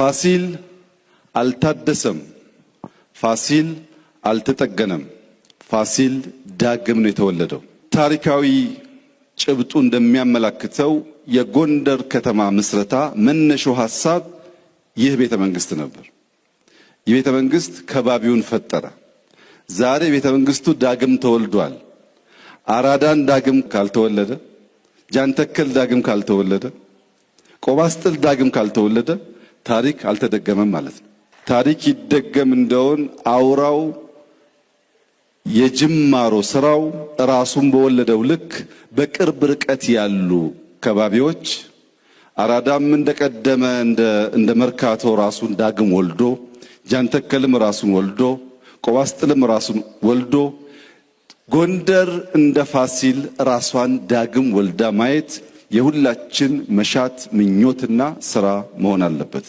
ፋሲል አልታደሰም፣ ፋሲል አልተጠገነም፣ ፋሲል ዳግም ነው የተወለደው። ታሪካዊ ጭብጡ እንደሚያመላክተው የጎንደር ከተማ ምስረታ መነሾው ሐሳብ ይህ ቤተ መንግስት ነበር። ይህ ቤተ መንግስት ከባቢውን ፈጠረ። ዛሬ ቤተ መንግስቱ ዳግም ተወልዷል። አራዳን ዳግም ካልተወለደ፣ ጃንተከል ዳግም ካልተወለደ፣ ቆባስጥል ዳግም ካልተወለደ ታሪክ አልተደገመም ማለት ነው። ታሪክ ይደገም እንደውን አውራው የጅማሮ ስራው ራሱን በወለደው ልክ በቅርብ ርቀት ያሉ ከባቢዎች አራዳም እንደቀደመ እንደ መርካቶ ራሱን ዳግም ወልዶ ጃንተከልም ራሱን ወልዶ ቆባስጥልም ራሱን ወልዶ ጎንደር እንደ ፋሲል ራሷን ዳግም ወልዳ ማየት የሁላችን መሻት ምኞትና ስራ መሆን አለበት።